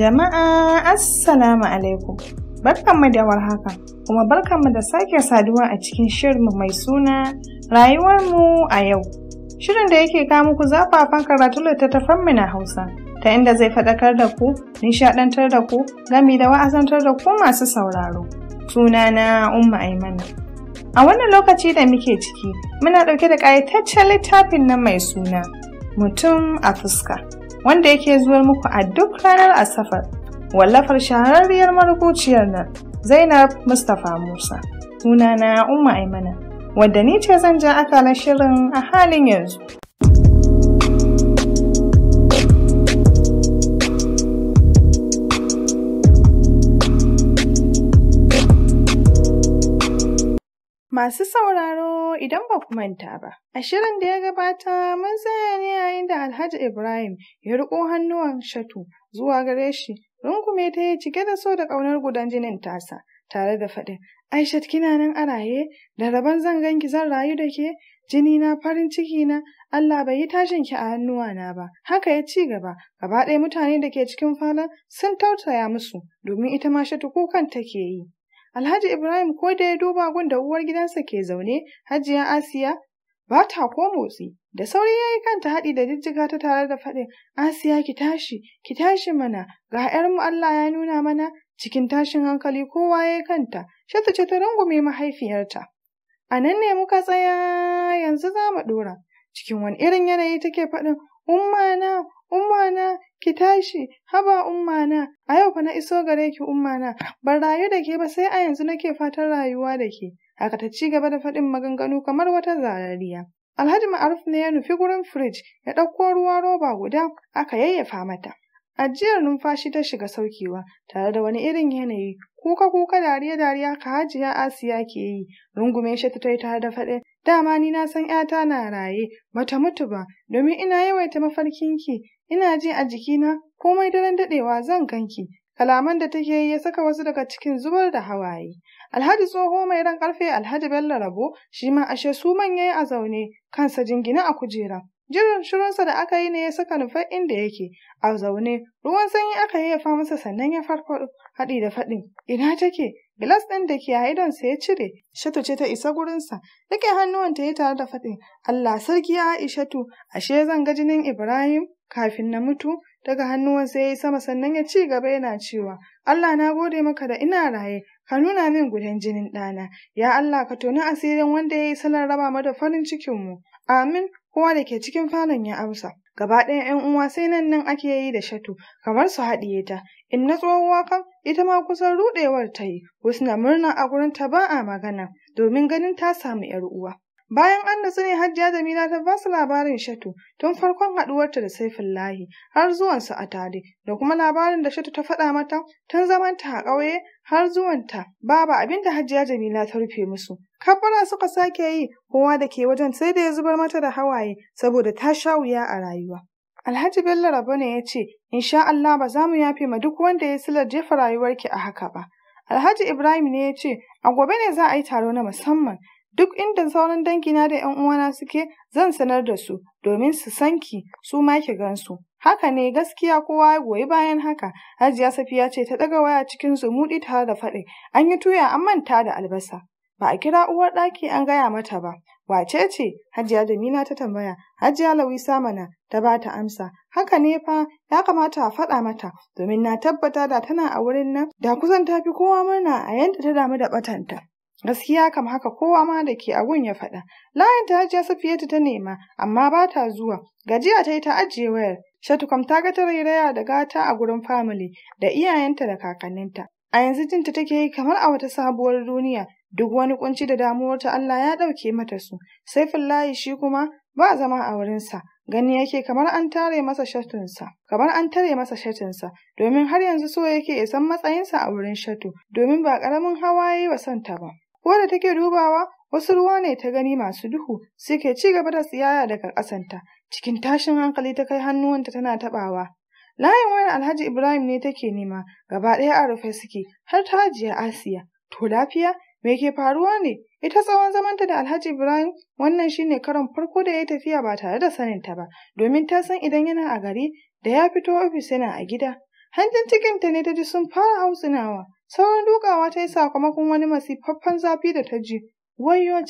Jama'a Assalamu alaikum. Barkanmu da warhaka kuma barkanmu da sake saduwa a cikin shirinmu mai suna rayuwarmu a yau. Shirin da yake kawo muku zafafan karatu littattafan mu na Hausa ta inda zai faɗakar da ku, nishaɗantar da ku, gami da wa'azantar da ku masu sauraro. Tuna na, Umma Aimana. A wannan lokaci da muke ciki, muna ɗauke da ƙayataccen littafin nan mai suna Mutum a fuska. wanda yake zuwa muku a duk ranar Asafar, Wallafar shahararriyar marubuciyar nan Zainab Mustapha Musa. Sunana Umma Aimana, wadda ni ce zan ja akalar shirin a halin yanzu. Masu sauraro idan ba ku manta ba, a shirin da ya gabata mun tsaya ne yayin da Alhaji Ibrahim ya riƙo hannuwan Shatu zuwa gare shi, rungume ta yi cike da so da ƙaunar gudan jinin tasa, tare da faɗin, Aishat kina nan a raye, da rabon zan ganki zan rayu da ke, jini na farin ciki na, Allah bai yi tashin ki a hannuwa na ba. Haka ya ci gaba, gaba ɗaya mutane da ke cikin falon sun tausaya musu, domin ita ma Shatu kukan take yi. Alhaji Ibrahim ko da ya duba gun da uwar gidansa ke zaune, Hajiya Asiya ba ta ko motsi. Da sauri ya yi kanta haɗi da jijjiga ta tare da faɗin, Asiya ki tashi, ki tashi mana, ga ‘yarmu Allah ya nuna mana, cikin tashin hankali kowa ya yi kanta, shatu ce ta rungume mahaifiyarta. A nan ne muka tsaya yanzu za mu ɗora. Cikin wani irin yanayi take faɗin, Ummana, ummana, ki tashi, haba ummana! a yau fa na iso gare ki ummana. na, ban rayu da ke ba sai a yanzu nake fatan rayuwa da ke. Haka ta ci gaba da faɗin maganganu kamar wata zarariya. Alhaji Ma'aruf ne ya nufi gurin firij ya ɗauko ruwa roba guda aka yayyafa mata. Ajiyar numfashi ta shiga saukewa tare da wani irin yanayi kuka kuka dariya dariya ka hajiya Asiya ke yi rungume shi ta tare da faɗin dama ni na san 'yata na raye bata mutu ba domin ina yawaita mafarkinki Ina ji a jikina komai daren daɗewa zan ganki. Kalaman da take yi ya saka wasu daga cikin zubar da hawaye. Alhaji tsoho mai ran karfe Alhaji Bello Rabo shi ma ashe su manya a zaune kansa jingine a kujera. Jiran shirinsa da aka yi ne ya saka nufa inda yake, a zaune, ruwan sanyi aka haifa masa sannan ya farko haɗi da faɗin, ina take, gilas ɗin da ke sa ya cire, Shatu ce ta isa gurinsa, hannuwan ta yi tare da faɗin, Allah sarki ya Aishatu, ashe zan ga jinin Ibrahim kafin na mutu, daga hannuwansa ya yi sama sannan ya ci gaba yana cewa, Allah na gode maka da ina raye, ka nuna min gudan jinin ɗana, ya Allah ka toni asirin wanda ya yi salon raba mu da farin cikinmu, amin kowa da ke cikin falon ya amsa. Gaba ɗaya ‘yan uwa sai nan nan ake yi da shatu, kamar su haɗiye ta. In na tsohuwa kam, ita ma kusan ruɗewar ta yi, wasu na murna a gurin ta ba a magana, domin ganin ta samu ‘yar uwa. Bayan an natsu ne Hajiya Jamila ta basu labarin Shatu tun farkon haduwarta da Saifullahi har zuwan su a tare da kuma labarin da Shatu ta faɗa mata tun zamanta a ƙauye har zuwanta babu abin da Hajiya Jamila ta rufe musu. Kabbara suka sake yi kowa da ke wajen sai da ya zubar mata da hawaye saboda ta sha wuya a rayuwa. Alhaji Bello Rabo ne ya ce, Insha Allah ba za mu yafe ma duk wanda ya silar jefa rayuwarki a haka ba. Alhaji Ibrahim ne ya ce, A gobe ne za a yi taro na musamman Duk inda sauran dangina da ‘yan uwana suke, zan sanar da su domin su san ki, su ma ki gansu. Haka ne gaskiya kowa ya goyi bayan haka. Hajiya Safiya ce ta ɗaga waya cikin zumuɗi tare da faɗi. An yi tuya an manta da albasa. Ba a kira uwar ɗaki an gaya mata ba. Wace ce? Hajiya Jamila ta tambaya. Hajiya Lawisa mana ta ba ta amsa. Haka ne fa ya kamata a faɗa mata domin na tabbata da tana a wurin nan da kusan ta fi kowa murna a yadda ta damu da ɓatanta. Gaskiya kam haka kowa ma da ke agun ya faɗa. Layin ta hajiya Safiyatu ta nema, amma ba ta zuwa. Gajiya ta yi ta ajiye wayar. Shatukam ta ga ta rairaya da gata a gurin family da iyayenta da kakanninta. A yanzu jinta take yi kamar a wata sabuwar duniya. Duk wani kunci da damuwar ta Allah ya ɗauke mata su. layi shi kuma ba zama a wurinsa. gani yake kamar an tare masa shatinsa kamar an tare masa shatinsa domin har yanzu so yake ya san matsayinsa a wurin shatu domin ba ƙaramin hawaye wa santa ba ko da take dubawa wasu ruwa ne ta gani masu duhu suke ci gaba da tsiyaya daga ƙasanta cikin tashin hankali ta kai hannuwanta tana taɓawa layin wani alhaji ibrahim ne take nema gaba ɗaya a rufe suke har ta hajiya asiya to lafiya me ke faruwa ne ita tsawon zamanta da alhaji ibrahim wannan shine karon farko da ya yi tafiya ba tare da saninta ba domin ta san idan yana a gari da ya fito ofis yana a gida hanjin cikinta ne ta ji sun fara hausunawa. Sauran dukawa ta yi sakamakon wani masifaffen zafi da ta ji. Wayyo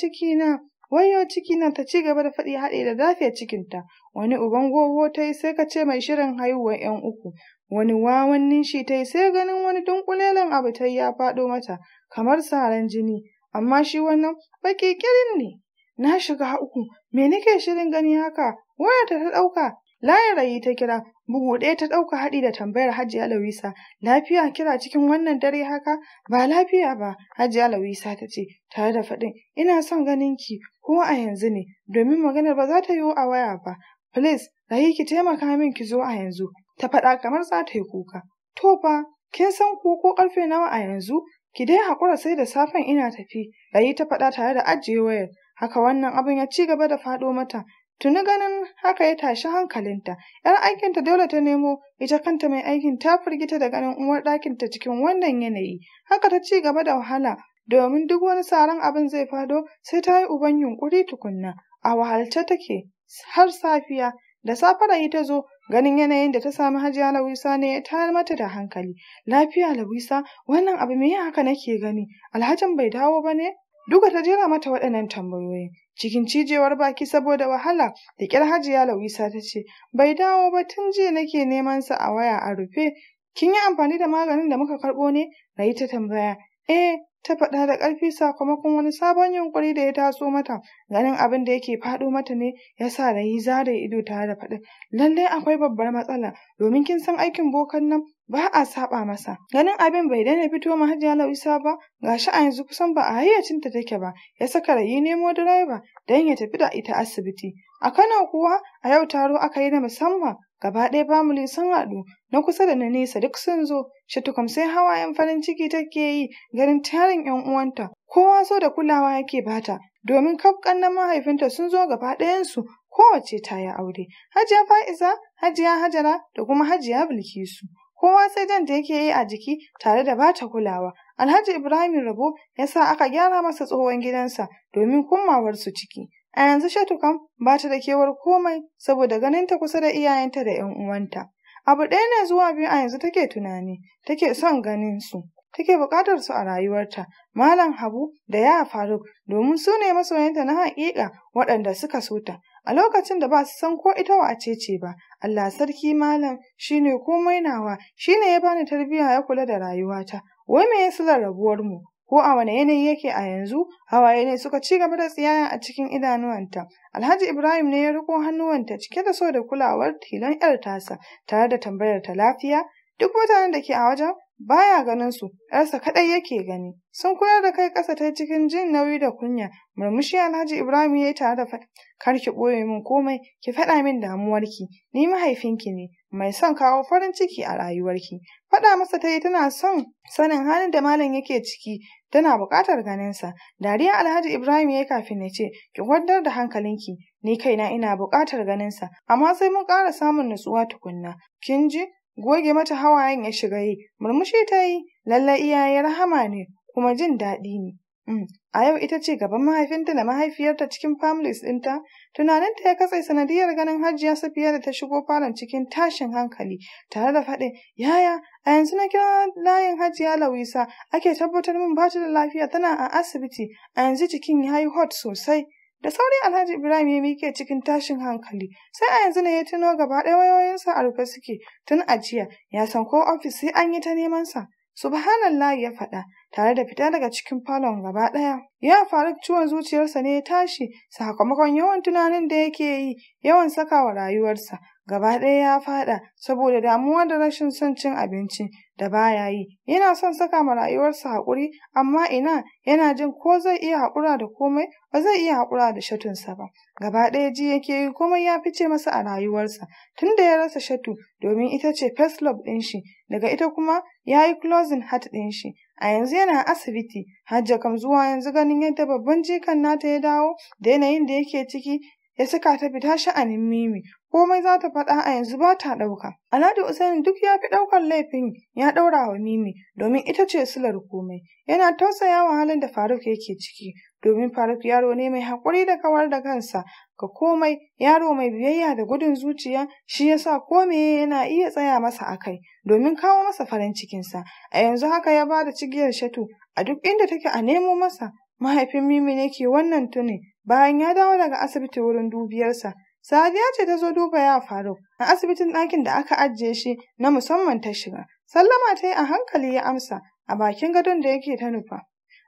wayo na na ta ci gaba da faɗi haɗe da zafiya cikinta. Wani uban gogo ta yi sai ka ce mai shirin haihuwar ‘yan uku. Wani wawan ninshi ta yi sai ganin wani dunkulelen abu ta yi ya faɗo mata, kamar saran jini. Amma shi wannan baƙi ƙirin ne. Na shiga uku, me nake shirin gani haka? Wayarta ta ɗauka, layin rayi ta kira, Bugu ɗaya ta ɗauka haɗi da tambayar Hajiya Lawisa, lafiya kira cikin wannan dare haka? Ba lafiya ba, Hajiya Lawisa ta ce, tare da faɗin, ina son ganin ki ko a yanzu ne, domin maganar ba za ta yiwu a waya ba. Filis, rayi ki taimaka min ki zo a yanzu, ta faɗa kamar za ta yi kuka. To fa, kin san ku ko ƙarfe nawa a yanzu? Ki dai haƙura sai da safen ina tafi, rayi ta faɗa tare da ajiye wayar. Haka wannan abin ya ci gaba da faɗo mata, Tuni ganin haka ya tashi hankalinta, ‘yar aikinta dole ta nemo, ita kanta mai aikin ta firgita da ganin uwar ɗakinta cikin wannan yanayi. Haka ta ci gaba da wahala, domin duk wani saran abin zai fado sai ta yi uban yunkuri tukunna. A wahalce take har safiya, da safe rayi ta zo, ganin yanayin da ta sami hajiya Lawisa ne ya tayar mata da hankali. Lafiya Lawisa, wannan abu me haka nake gani? Alhajin bai dawo ba ne? Duka ta jera mata waɗannan tambayoyi. cikin cijewar baki saboda wahala da ƙyar hajiya lawisa ta ce bai dawo ba tun jiya nake neman sa a waya a rufe kin yi amfani da maganin da muka karɓo ne na yi ta tambaya eh ta faɗa da ƙarfi sakamakon wani sabon yunƙuri da ya taso mata ganin abin da yake faɗo mata ne ya sa da yi zare ido tare da faɗin lallai akwai babbar matsala domin kin san aikin bokan nan ba a saba masa ganin abin bai daina fito ma hajiya lauisa ba ga gashi a yanzu kusan ba a hayyacinta take ba ya saka rayi nemo direba don ya tafi da ita asibiti a kano kuwa a yau taro aka yi na musamman Gaba ɗaya family sun haɗu, na kusa da na nesa duk sun zo, shatukam sai hawayen farin ciki take yi garin tarin 'yan uwanta, kowa so da kulawa yake bata, domin kafkan na mahaifinta sun zo gaba ɗayansu kowace ta yi aure. Hajiya Fa'iza, Hajiya Hajara da kuma Hajiya Bilkisu. Kowa sai jan da yake yi a jiki tare da bata kulawa. Alhaji Ibrahim Rabo ya sa aka gyara masa tsohon gidansa domin komawarsu ciki. A yanzu Shatu kam ba ta da kewar komai saboda ganinta kusa da iyayenta da ‘yan uwanta. Abu ɗaya ne zuwa biyu a yanzu take tunani, take son ganin su, take buƙatar su a rayuwarta, Malam Habu da ya Faruk domin su ne masoyanta na haƙiƙa waɗanda suka so ta. A lokacin da ba su san ko ita wace ce ba, Allah sarki malam shine komai nawa, shine ya bani tarbiyya ya kula da rayuwata. Wai me ya rabuwar mu? ko a wane yanayi yake a yanzu hawaye ne suka ci gaba da tsiyaya a cikin idanuwanta alhaji ibrahim ne ya riko hannuwanta cike da so da kulawar tilon yar tasa tare da tambayar ta lafiya duk mutanen da ke a wajen baya ganin su yarsa kadai yake gani sun koyar da kai kasa ta cikin jin nauyi da kunya murmushi alhaji ibrahim ya yi tare da faɗi kar ki ɓoye min komai ki faɗa min damuwarki ni mahaifinki ne mai son kawo farin ciki a rayuwarki faɗa masa ta yi tana son sanin halin da malam yake ciki tana buƙatar ganinsa. Dariya Alhaji Ibrahim ya yi kafin ya ce, ki kwantar da hankalinki, ni kaina ina buƙatar ganinsa, amma sai mun ƙara samun nutsuwa tukunna. Kin ji? Goge mata hawayen ya shiga yi, murmushi ta yi, lallai iyaye rahama ne, kuma jin daɗi ne. Mm. A yau ita ce gaban mahaifinta da mahaifiyarta cikin families ɗinta, tunaninta ya katse sanadiyar ganin hajjiya safiya da ta shigo falon cikin tashin hankali tare da faɗin yaya A yanzu na kira layin Hajiya Lawisa ake tabbatar min bata da lafiya tana a asibiti a yanzu jikin ya yi hot sosai. Da sauri Alhaji Ibrahim ya mike cikin tashin hankali, sai a yanzu ne ya tuno gaba ɗaya wayoyinsa a rufe suke tun a jiya, ya san ko ofis sai an yi ta neman sa. Subhanallah ya faɗa tare da fita daga cikin falon gaba ɗaya. Ya faru ciwon zuciyarsa ne ya tashi sakamakon yawan tunanin da yake yi yawan sakawa rayuwarsa gaba ɗaya ya faɗa saboda damuwa da rashin son cin abinci da baya yi yana son saka ma rayuwarsa haƙuri amma ina yana jin ko zai iya haƙura da komai ba zai iya haƙura da shatunsa ba gaba ɗaya ji yake yi komai ya fice masa a rayuwarsa tunda ya rasa shatu domin ita ce first love ɗin shi daga ita kuma ya yi closing heart ɗin shi a yanzu yana asibiti hajjakam zuwa yanzu ganin yadda babban jikan nata ya dawo da yanayin da yake ciki ya saka ta fita sha'anin Mimi, komai za ta faɗa a yanzu ba ta ɗauka. Alhaji Usaini duk ya fi ɗaukar laifin ya ɗaura wa Mimi domin ita ce silar komai. Yana tausayawa halin da Faruk yake ciki domin Faruk yaro ne mai haƙuri da kawar da kansa ga komai yaro mai biyayya da gudun zuciya shi yasa kome yana iya tsaya masa a kai domin kawo masa farin cikinsa. A yanzu haka ya ba da cigiyar Shatu a duk inda take a nemo masa Mahaifin Mimi ne ke wannan tuni bayan ya dawo daga asibiti wurin dubiyarsa. Sadiya ce ta zo duba ya faru a asibitin ɗakin da aka ajiye shi na musamman ta shiga. Sallama ta yi a hankali ya amsa a bakin gadon da yake ta nufa.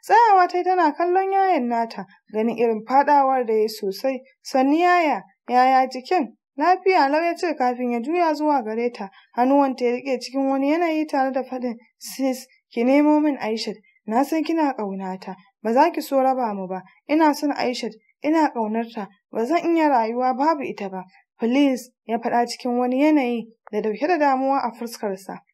Tsayawa ta yi tana kallon yayan nata ganin irin fadawar da ya sosai. Sanni yaya, yaya jikin? Lafiya lau ya ce kafin ya juya zuwa gare ta, hannuwanta ya rike cikin wani yanayi tare da faɗin sis ki nemo min Aishat, na san kina ƙaunata, ba za ki so raba mu ba ina son Aishat ina ƙaunarta ba zan iya rayuwa babu ita ba please ya faɗa cikin wani yanayi da dauke da damuwa a fuskarsa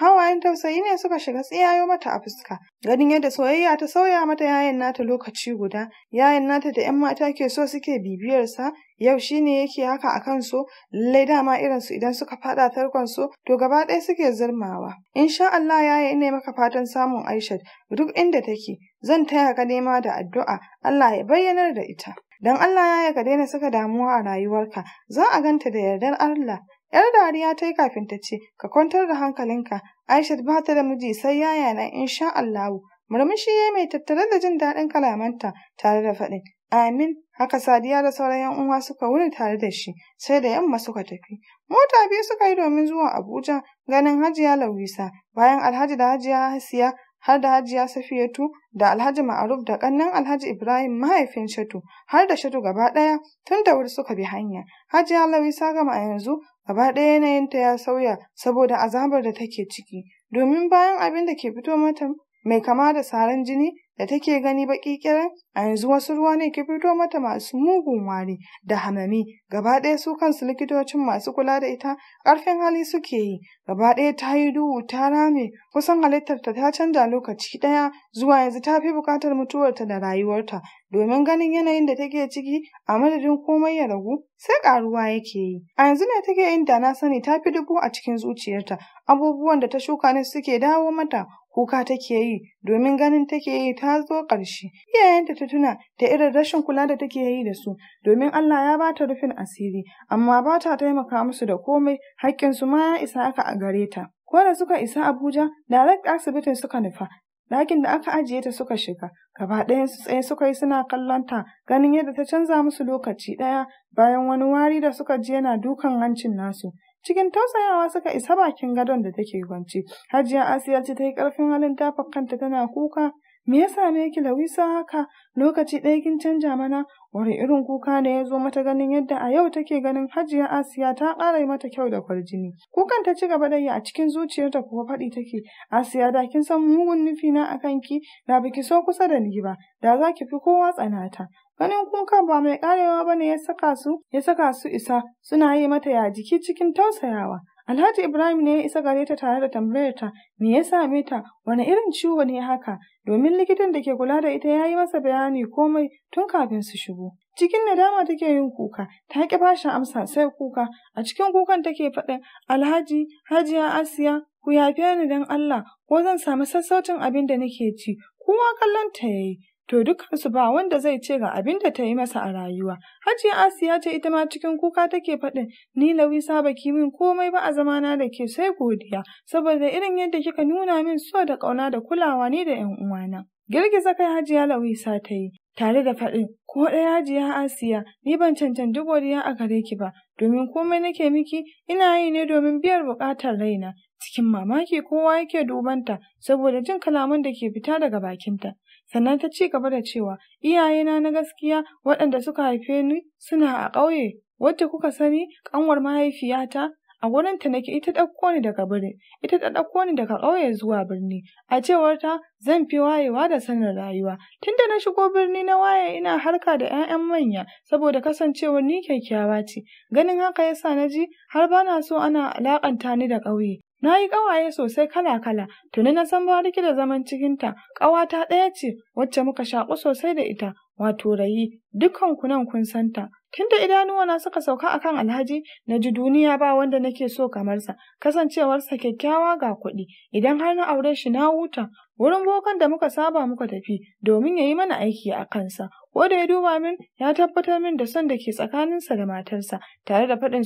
Hawayen tausayi ne suka shiga tsiyayo mata a fuska. Ganin yadda soyayya ta sauya mata yayan nata lokaci guda, yayan nata da 'yan mata ke so suke bibiyarsa, yau shi ne yake haka a kansu, lallai dama irinsu idan suka fada tarkonsu, to gaba ɗaya suke zirmawa. sha Allah yaya ina maka fatan samun Aishat duk inda take, zan taya ka nema da addu'a, Allah ya bayyanar da ita. dan Allah yaya ka daina saka damuwa a rayuwarka, za a ganta da yardar Allah. Yar dariya ta yi kafin ta ce, Ka kwantar da hankalinka, Aishat ba ta da miji sai yaya na insha Allahu. Murmushi ya mai tattare da jin daɗin kalamanta tare da faɗin. Amin, haka Sadiya da sauran 'yan uwa suka wuni tare da shi, sai da yamma suka tafi. Mota biyu suka yi domin zuwa Abuja ganin Hajiya Lawisa, bayan Alhaji da Hajiya Hasiya har da Hajiya Safiyatu da Alhaji Ma'aruf da ƙannen Alhaji Ibrahim mahaifin Shatu har da Shatu gaba ɗaya tun da wuri suka bi hanya. Hajiya Lawisa gama a yanzu Gaba ɗaya yanayinta ya sauya saboda azabar da take ciki, domin bayan abin da ke fito mata mai kama da saran jini da take gani baƙi kiran a yanzu wasu ruwa ne ke fito mata masu mugun wari da hamami gaba ɗaya su kansu likitocin masu kula da ita ƙarfin hali suke yi gaba ɗaya ta yi duhu ta rame kusan halittarta ta canja lokaci ɗaya zuwa yanzu ta fi buƙatar mutuwarta da rayuwarta domin ganin yanayin da take ciki a madadin komai ya ragu sai ƙaruwa yake yi a yanzu ne take yin da na sani ta fi dubu a cikin zuciyarta abubuwan da ta shuka ne suke dawo mata kuka take yi domin ganin take yi ta zo ƙarshe iyayenta ta tuna da irin rashin kula da take yi da su domin Allah ya ba ta rufin asiri amma ba ta taimaka musu da komai haƙƙinsu ma ya isa aka a gare ta ko da suka isa Abuja darakta asibitin suka nufa ɗakin da aka ajiye ta suka shiga gaba ɗayan su tsaye suka yi suna kallon ta ganin yadda ta canza musu lokaci ɗaya bayan wani wari da suka ji yana dukan hancin nasu Cikin tausayawa suka isa bakin gadon da take kwance. Hajiya Asiya ce ta yi ƙarfin halin tafa kanta tana kuka. Me ya me ki Lawisa haka lokaci ɗaya kin canja mana wani irin kuka ne ya zo mata ganin yadda a yau take ganin Hajiya Asiya ta ƙara mata kyau da kwarjini. Kukan ta ci gaba da yi a cikin zuciyarta kuwa faɗi take Asiya da kin san mugun nufi na a ki da biki so kusa da ni ba da za ki fi kowa tsanata. ganin kuka ba mai karewa bane ya saka su ya saka su isa suna yi mata yaji. jiki cikin tausayawa Alhaji Ibrahim ne ya isa gare ta tare da tambayar ta me ya same ta wani irin ciwo ne haka domin likitan da ke kula da ita ya yi masa bayani komai tun kafin su shigo. Cikin nadama take yin kuka ta ki bashi amsa sai kuka a cikin kukan take faɗin Alhaji Hajiya Asiya ku yafe ni don Allah ko zan samu sassaucin abin da nake ci kuma kallon ta yayi to dukansu ba wanda zai ce ga abin da ta yi masa a rayuwa. Hajiya Asiya ce ita ma cikin kuka take faɗin, ni Lawisa ba ki min komai ba a zamana da ke sai godiya, saboda irin yadda kika nuna min so da ƙauna da kulawa ni da 'yan uwana. Girgiza kai Hajiya Lawisa ta yi, tare da faɗin, ko ɗaya Hajiya Asiya, ni ban cancanci godiya a gare ki ba, domin komai nake miki ina yi ne domin biyar buƙatar raina. Cikin mamaki kowa yake dubanta saboda jin kalaman da ke fita daga bakinta. Sannan ta ci gaba da cewa, iyayena na gaskiya waɗanda suka haife ni suna a ƙauye, wacce kuka sani ƙanwar mahaifiyata a wurinta nake ita ɗauko ni daga birni, ita ta ɗauko ni daga ƙauye zuwa birni. A cewar ta zan fi wayewa da sanin rayuwa. Tunda na shigo birni na waye ina harka da 'ya'yan manya saboda kasancewar ni kyakkyawa ce. Ganin haka yasa na ji har bana so ana alaƙanta ni da ƙauye. Na yi ƙawaye sosai kala-kala, tuni na san bariki da zaman cikinta, ƙawata ɗaya ce wacce muka shaƙu sosai da ita, wato rayi, dukkan ku nan kun santa. Tunda idanuwana suka sauka akan alhaji, na ji duniya ba wanda nake so kamar sa, kasancewarsa kyakkyawa ga kuɗi, idan har na aure shi na huta, Wurin bokan da muka saba muka tafi domin ya yi mana aiki a kansa. Ko da ya duba min ya tabbatar min da son da ke tsakaninsa da matarsa tare da faɗin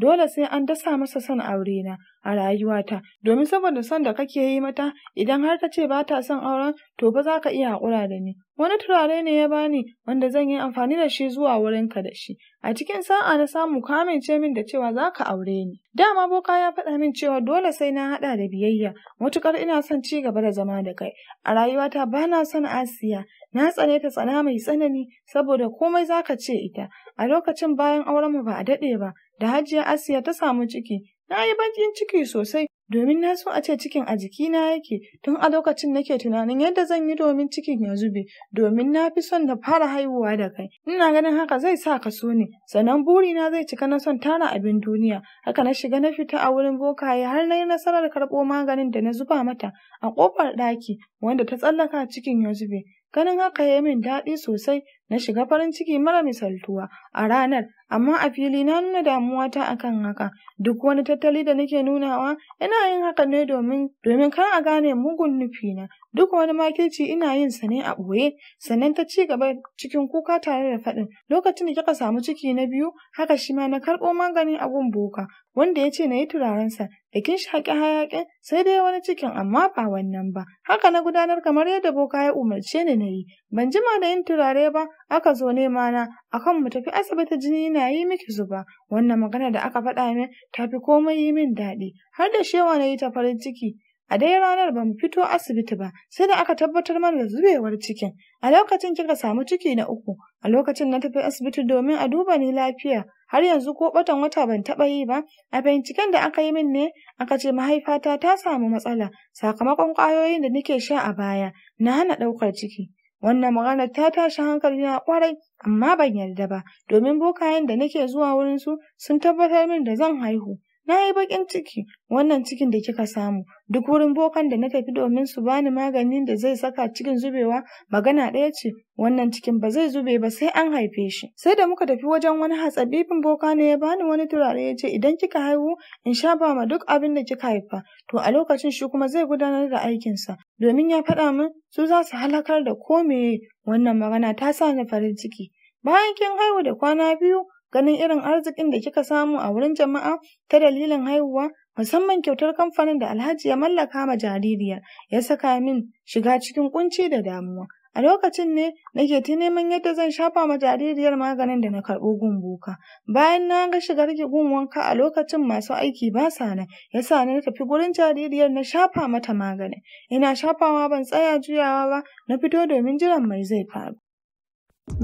dole sai an dasa masa son aure na a rayuwata domin saboda son da kake yi mata idan har ta ce ba ta son auren to ba za ka iya haƙura da ni. Wani turare ne ya bani wanda zan yi amfani da shi zuwa wurinka da shi. A cikin sa'a na samu ka amince min da cewa za ka aure ni. Dama boka ya faɗa min cewa dole sai na haɗa da biyayya, Mutuƙar ina son ci gaba da zama da kai. A rayuwata ba na son Asiya, na tsane ta tsana mai tsanani saboda komai za ka ce ita. A lokacin bayan auren mu ba a daɗe ba, da hajiya Asiya ta samu ciki, na yi baƙin ciki sosai domin na so a ce cikin a jikina yake tun a lokacin nake tunanin yadda zan yi domin cikin ya zube domin na fi son na fara haihuwa da kai ina ganin haka zai sa ka so ne sannan burina zai cika na son tara abin duniya haka na shiga na fita a wurin bokaye har na yi nasarar karɓo maganin da na zuba mata a ƙofar ɗaki wanda ta tsallaka cikin ya zube Ganin haka ya min daɗi sosai, na shiga farin ciki mara misaltuwa a ranar, amma a fili na nuna damuwata akan haka. Duk wani tattali da nake nunawa, ina yin haka ne domin domin kar a gane mugun nufi na Duk wani makilci ina yin sa ne a ɓoye. Sannan ta ci gaba cikin kuka tare da faɗin, lokacin da kika samu ciki na biyu, haka shi ma na karɓo magani a gun boka, wanda ya ce na yi turaren sa. Bikin eh, haƙe hayaƙe sai dai wani cikin amma ba wannan ba. Haka na gudanar kamar yadda boka ya umarce ni na yi. Ban jima da yin turare ba, aka zo nema na akan mu tafi asibiti jini na yi miki zuba. Wannan magana da aka faɗa min ta fi komai yi min daɗi. Har da shewa na yi ta farin ciki. A dai ranar ba mu fito asibiti ba, sai da aka tabbatar mana da zubewar cikin. A lokacin kika samu ciki na uku, a lokacin na tafi asibiti domin a duba ni lafiya. har yanzu ko batan wata ban taɓa yi ba a binciken da aka yi min ne aka ce mahaifata ta samu matsala sakamakon ƙwayoyin da nake sha a baya na hana ɗaukar ciki wannan maganar ta tashi na ƙwarai, amma ban yarda ba domin bokayen da nake zuwa wurin su sun tabbatar min da zan haihu Na yi baƙin ciki, wannan cikin da kika samu, duk wurin bokan da na tafi domin su bani maganin da zai saka cikin zubewa, magana ɗaya ce, wannan cikin ba zai zube ba sai an haife shi. Sai da muka tafi wajen wani hatsabibin boka ne ya bani wani turare ya ce idan kika haihu in sha ba ma duk abin da kika haifa, to a lokacin shi kuma zai gudanar da aikinsa, domin ya faɗa min su za su halakar da ko meye, wannan magana ta sa ni farin ciki. Bayan kin haihu da kwana biyu, ganin irin arzikin da kika samu a wurin jama'a ta dalilin haihuwa musamman kyautar kamfanin da Alhaji ya mallaka ma jaririyar ya saka min shiga cikin kunci da damuwa a lokacin ne nake ta neman yadda zan shafa ma jaririyar maganin da na karɓo gumbuka. bayan na ga shigar gun wanka a lokacin masu aiki ba sa nan yasa na tafi gurin jaririyar na shafa mata maganin ina shafawa ban tsaya juyawa ba na fito domin jiran mai zai faru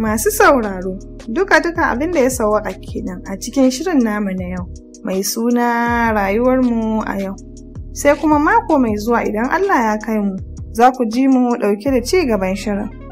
Masu sauraro, duka-duka abin da ya a kenan a cikin shirin namu na yau, mai suna rayuwarmu a yau. Sai kuma mako mai zuwa idan Allah ya kai mu, za ku ji mu ɗauke da ci gaban shirin.